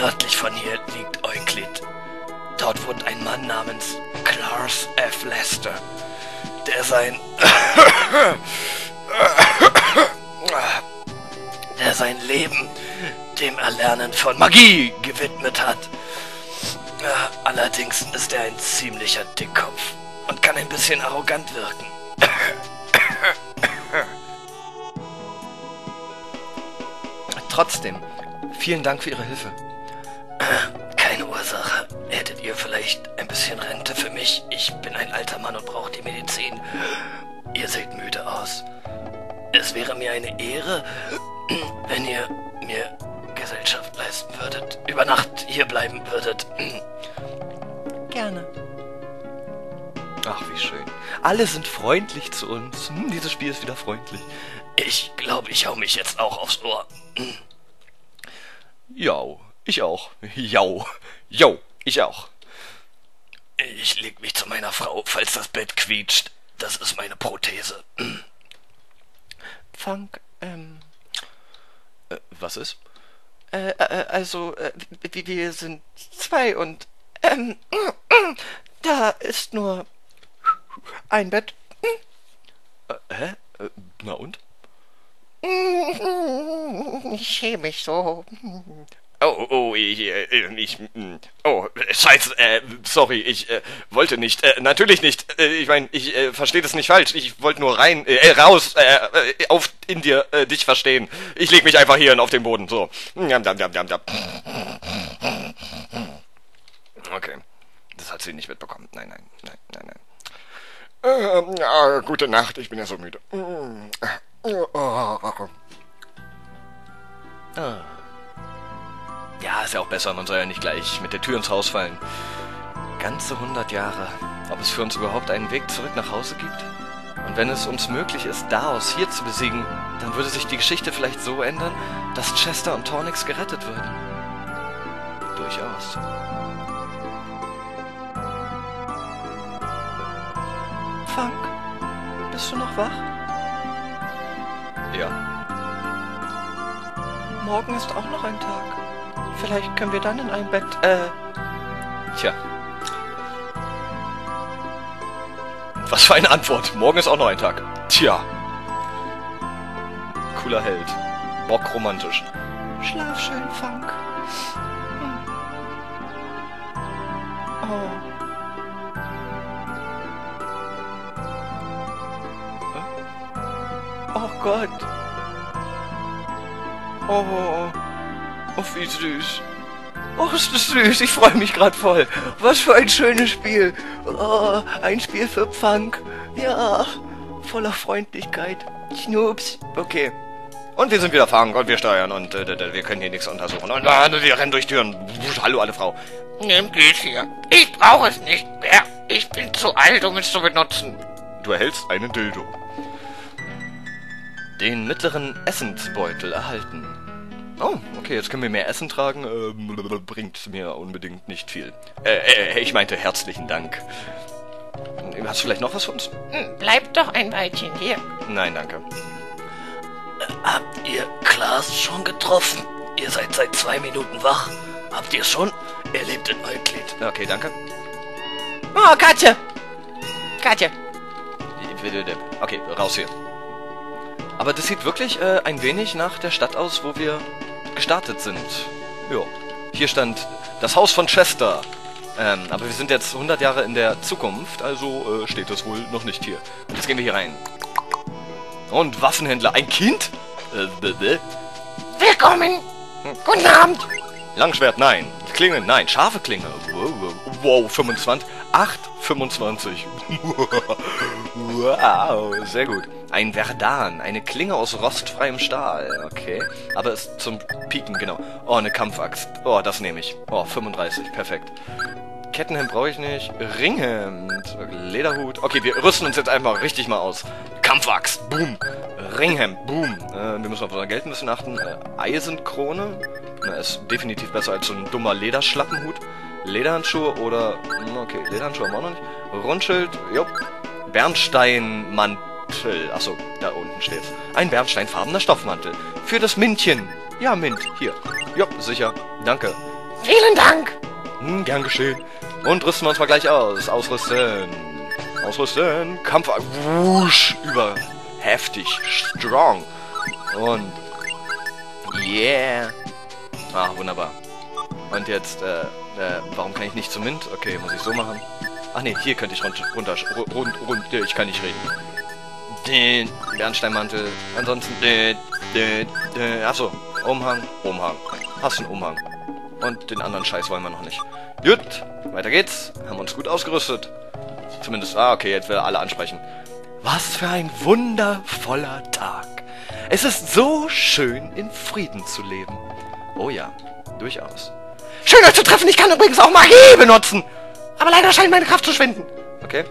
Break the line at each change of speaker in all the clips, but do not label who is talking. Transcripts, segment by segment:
Nördlich von hier liegt Euclid. Dort wohnt ein Mann namens Clarence F. Lester, der sein... der sein Leben dem Erlernen von Magie gewidmet hat. Äh, allerdings ist er ein ziemlicher Dickkopf und kann ein bisschen arrogant wirken.
Trotzdem, vielen Dank für
Ihre Hilfe. Keine Ursache. Hättet ihr vielleicht ein bisschen Rente für mich? Ich bin ein alter Mann und brauche die Medizin. Ihr seht müde aus. Es wäre mir eine Ehre, wenn ihr mir Gesellschaft leisten würdet, über Nacht hier bleiben würdet. Gerne.
Ach, wie schön. Alle sind freundlich zu uns. Hm, dieses Spiel ist wieder freundlich.
Ich glaube, ich hau mich jetzt auch aufs Ohr.
Ja. Ich auch. Jau. Jau, ich auch. Ich leg
mich zu meiner Frau, falls das Bett quietscht. Das ist meine Prothese.
Frank, ähm. Äh, was ist? Äh, äh, äh also, äh, wir sind zwei und, ähm, da ist nur ein Bett. Äh, hä? na und?
Ich schäme mich so.
Oh, oh, oh, ich, äh, ich, hm, oh, scheiße, äh, sorry, ich äh, wollte nicht, äh, natürlich nicht, äh, ich meine, ich äh, verstehe das nicht falsch, ich wollte nur rein, äh, äh raus, äh, äh, auf, in dir, äh, dich verstehen. Ich leg mich einfach hier auf den Boden, so. Hm, okay, das hat sie nicht mitbekommen, nein, nein, nein, nein, nein. Ähm, ja, ah, gute Nacht, ich bin ja so müde.
Hm, äh, äh, äh,
äh. Ah ist ja auch besser, man soll ja nicht gleich mit der Tür ins Haus fallen. Ganze hundert Jahre. Ob es für uns überhaupt einen Weg zurück nach Hause gibt? Und wenn es uns möglich ist, Daos hier zu besiegen, dann würde sich die Geschichte vielleicht so ändern, dass Chester und Tornix gerettet würden. Durchaus. Frank, bist du noch wach? Ja. Morgen ist auch noch ein Tag. Vielleicht können wir dann in ein Bett. Äh. Tja. Was für eine Antwort. Morgen ist auch noch ein Tag. Tja. Cooler Held. Bock romantisch. Schlaf schön, Funk. Hm. Oh. Oh Gott. Oh. oh, oh. Oh, wie süß. Oh, ist das süß. Ich freue mich gerade voll. Was für ein schönes Spiel. Oh, ein Spiel für Pfunk. Ja, voller Freundlichkeit. Schnups. Okay. Und wir sind wieder fangen und wir steuern und äh, wir können hier nichts untersuchen. Und äh, wir rennen durch Türen. Hallo, alle Frau.
Nimm dies hier. Ich brauche es nicht mehr. Ich bin zu alt, um es zu benutzen.
Du erhältst einen Dildo. Den mittleren Essensbeutel erhalten. Oh, okay, jetzt können wir mehr Essen tragen. Ähm, bringt mir unbedingt nicht viel. Äh, äh, äh, ich meinte herzlichen Dank.
Hast du vielleicht noch was für uns? Hm, bleib doch ein Weilchen hier. Nein, danke. Habt ihr Klaas schon getroffen? Ihr seid seit zwei Minuten wach. Habt ihr schon? Er lebt in Euklid. Okay, danke. Oh,
Katja! Katja! Okay, raus hier. Aber das sieht wirklich äh, ein wenig nach der Stadt aus, wo wir gestartet sind. Ja. Hier stand das Haus von Chester. Ähm, aber wir sind jetzt 100 Jahre in der Zukunft, also äh, steht das wohl noch nicht hier. Und Jetzt gehen wir hier rein. Und Waffenhändler, ein Kind? Äh, bäh.
Willkommen! Guten Abend!
Langschwert, nein. Klinge, nein. Scharfe Klinge. Wow, wow 25. 8,25. wow, sehr gut. Ein Verdan, eine Klinge aus rostfreiem Stahl. Okay, aber ist zum Pieken, genau. Oh, eine Kampfaxt. Oh, das nehme ich. Oh, 35, perfekt. Kettenhemd brauche ich nicht. Ringhemd, Lederhut. Okay, wir rüsten uns jetzt einfach richtig mal aus. Kampfaxt, boom. Ringhemd, boom. Äh, wir müssen auf unser Geld ein bisschen achten. Äh, Eisenkrone. Na, ist definitiv besser als so ein dummer Lederschlappenhut. Lederhandschuhe oder... Hm, okay, Lederhandschuhe haben wir auch noch nicht. Rundschild, jupp. Bernsteinmantel. Achso, da unten steht's. Ein bernsteinfarbener Stoffmantel. Für das Mintchen. Ja, Mint. Hier. Jupp, sicher. Danke.
Vielen Dank.
Hm, gern geschehen. Und rüsten wir uns mal gleich aus. Ausrüsten. Ausrüsten. Kampf... Wusch. Über. Heftig. Strong. Und... Yeah. Ah, wunderbar. Und jetzt, äh... Äh, warum kann ich nicht zum Mint? Okay, muss ich so machen. Ach ne, hier könnte ich runter, runter, rund, rund, ich kann nicht reden. Den Bernsteinmantel, ansonsten, den, den, den, achso, Umhang, Umhang. Hast einen Umhang. Und den anderen Scheiß wollen wir noch nicht. Gut, weiter geht's. Haben wir uns gut ausgerüstet. Zumindest, ah, okay, jetzt will er alle ansprechen. Was für ein wundervoller Tag. Es ist so schön, in Frieden zu leben. Oh ja, durchaus. Schön, euch zu treffen. Ich kann übrigens auch Magie benutzen. Aber leider scheint meine Kraft zu schwinden. Okay.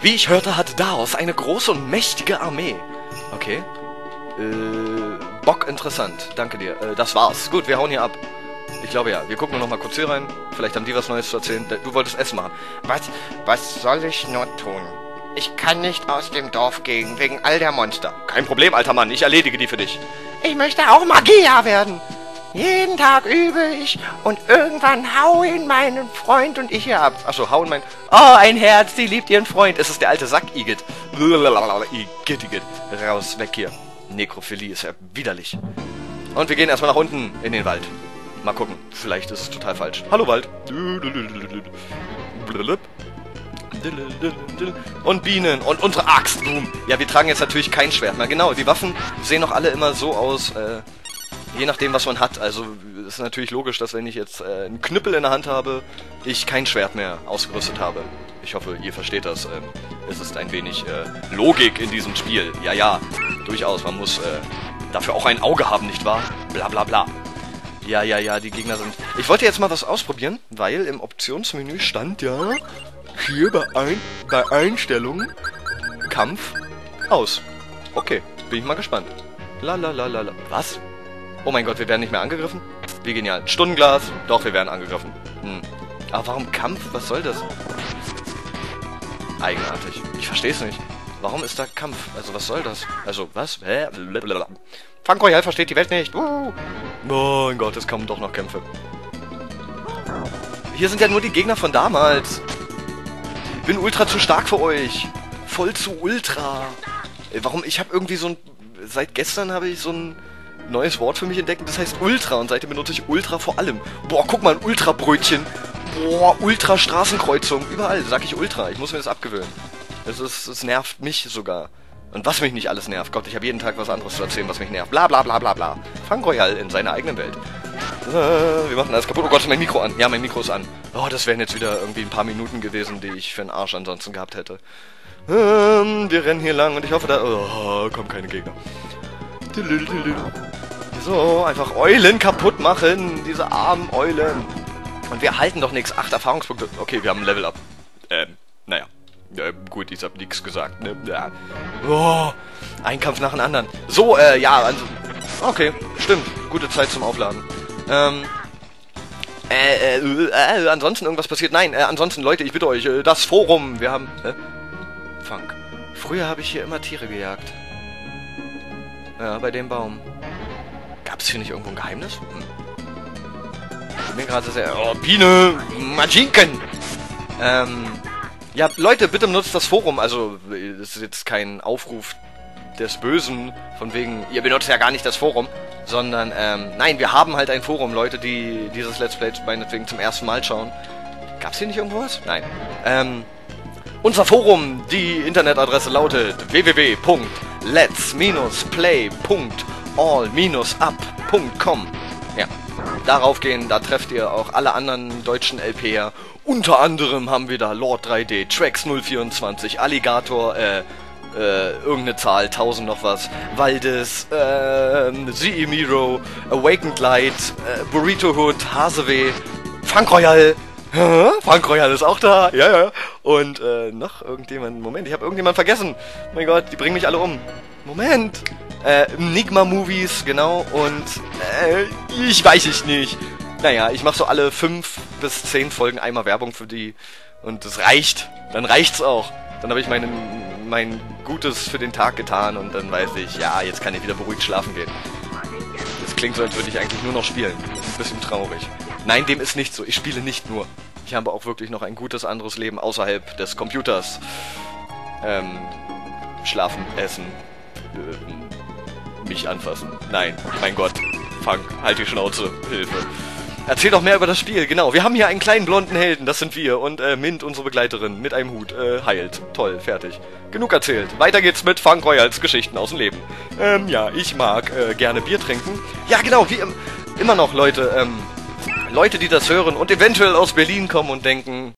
Wie ich hörte, hat Daos eine große und mächtige Armee. Okay. Äh, Bock interessant. Danke dir. Äh, das war's. Gut, wir hauen hier ab. Ich glaube ja. Wir gucken nur noch mal kurz hier rein. Vielleicht haben die was Neues zu erzählen. Du wolltest Essen machen. Was, was soll ich nur tun? Ich kann nicht aus dem Dorf gehen, wegen all der Monster. Kein Problem, alter Mann. Ich erledige die für dich. Ich möchte auch Magier werden. Jeden Tag übe ich und irgendwann hauen meinen Freund und ich hier ab. Achso, hauen mein... Oh, ein Herz, die liebt ihren Freund. Es ist der alte Sack, Igitt. Igitt, Igitt. Raus, weg hier. Nekrophilie ist ja widerlich. Und wir gehen erstmal nach unten in den Wald. Mal gucken, vielleicht ist es total falsch. Hallo Wald. Und Bienen und unsere Axt. Boom. Ja, wir tragen jetzt natürlich kein Schwert mehr. Genau, die Waffen sehen noch alle immer so aus, äh, je nachdem, was man hat. Also ist natürlich logisch, dass wenn ich jetzt äh, einen Knüppel in der Hand habe, ich kein Schwert mehr ausgerüstet habe. Ich hoffe, ihr versteht das. Ähm, es ist ein wenig äh, Logik in diesem Spiel. Ja, ja, durchaus. Man muss äh, dafür auch ein Auge haben, nicht wahr? Bla bla bla. Ja, ja, ja, die Gegner sind... Ich wollte jetzt mal was ausprobieren, weil im Optionsmenü stand ja... Hier bei, ein bei Einstellungen... Kampf... Aus. Okay, bin ich mal gespannt. La la la la la. Was? Oh mein Gott, wir werden nicht mehr angegriffen? Wie genial. Stundenglas. Doch, wir werden angegriffen. Hm. Aber warum Kampf? Was soll das? Eigenartig. Ich verstehe es nicht. Warum ist da Kampf? Also, was soll das? Also, was? Hä? Blablabla. Royal versteht die Welt nicht. Uh. Oh mein Gott, es kommen doch noch Kämpfe. Hier sind ja nur die Gegner von damals. bin ultra zu stark für euch. Voll zu ultra. Äh, warum? Ich habe irgendwie so ein... Seit gestern habe ich so ein neues Wort für mich entdecken, das heißt Ultra und seitdem benutze ich Ultra vor allem. Boah, guck mal, ein Ultra-Brötchen. Boah, Ultra-Straßenkreuzung. Überall sag ich Ultra. Ich muss mir das abgewöhnen. Es, ist, es nervt mich sogar. Und was mich nicht alles nervt. Gott, ich habe jeden Tag was anderes zu erzählen, was mich nervt. Bla bla bla bla bla. Fang Royal in seiner eigenen Welt. Äh, wir machen alles kaputt. Oh Gott, mein Mikro an. Ja, mein Mikro ist an. Oh, das wären jetzt wieder irgendwie ein paar Minuten gewesen, die ich für einen Arsch ansonsten gehabt hätte. Ähm, wir rennen hier lang und ich hoffe, da oh, kommen keine Gegner. Du, du, du, du. So, einfach Eulen kaputt machen, diese armen Eulen. Und wir halten doch nichts. Acht Erfahrungspunkte. Okay, wir haben ein Level up. Ähm, naja. Ja, ähm, gut, ich hab nichts gesagt, ne? Ja. Oh, ein Kampf nach dem anderen. So, äh, ja, also. Okay, stimmt. Gute Zeit zum Aufladen. Ähm. Äh, äh, äh, äh ansonsten irgendwas passiert. Nein, äh, ansonsten, Leute, ich bitte euch, äh, das Forum. Wir haben. Äh, Funk. Früher habe ich hier immer Tiere gejagt. Ja, bei dem Baum. Gab es hier nicht irgendwo ein Geheimnis? Hm. bin gerade sehr... Oh, Biene! Majinken! Ähm... Ja, Leute, bitte nutzt das Forum. Also, das ist jetzt kein Aufruf des Bösen, von wegen, ihr benutzt ja gar nicht das Forum, sondern, ähm, nein, wir haben halt ein Forum, Leute, die dieses Let's Play meinetwegen zum ersten Mal schauen. Gab's hier nicht irgendwo was? Nein. Ähm, unser Forum, die Internetadresse lautet www.lets-play.com all-up.com. Ja, darauf gehen, da trefft ihr auch alle anderen deutschen LPer. Unter anderem haben wir da Lord 3D, Tracks 024, Alligator, äh, äh, irgendeine Zahl, 1000 noch was, Waldes, äh, ZE Miro, Awakened Light, äh, Burrito Hood, Haseweh, Funk Royal, Frank Royal ist auch da, ja, ja. Und äh, noch irgendjemand, Moment, ich habe irgendjemand vergessen. Oh mein Gott, die bringen mich alle um. Moment, äh, Enigma Movies, genau. Und äh, ich weiß es nicht. Naja, ich mache so alle fünf bis zehn Folgen einmal Werbung für die. Und es reicht. Dann reicht's auch. Dann habe ich meinen, mein Gutes für den Tag getan und dann weiß ich, ja, jetzt kann ich wieder beruhigt schlafen gehen. Das klingt so, als würde ich eigentlich nur noch spielen. Das ist ein bisschen traurig. Nein, dem ist nicht so. Ich spiele nicht nur. Ich habe auch wirklich noch ein gutes anderes Leben außerhalb des Computers. Ähm, schlafen, essen, äh, mich anfassen. Nein, mein Gott. Fang, halt die Schnauze. Hilfe. Erzähl doch mehr über das Spiel, genau. Wir haben hier einen kleinen blonden Helden, das sind wir. Und äh, Mint, unsere Begleiterin, mit einem Hut, äh, heilt. Toll, fertig. Genug erzählt. Weiter geht's mit Funk Royals Geschichten aus dem Leben. Ähm, ja, ich mag äh, gerne Bier trinken. Ja, genau, wie im, immer noch, Leute. Ähm, Leute, die das hören und eventuell aus Berlin kommen und denken,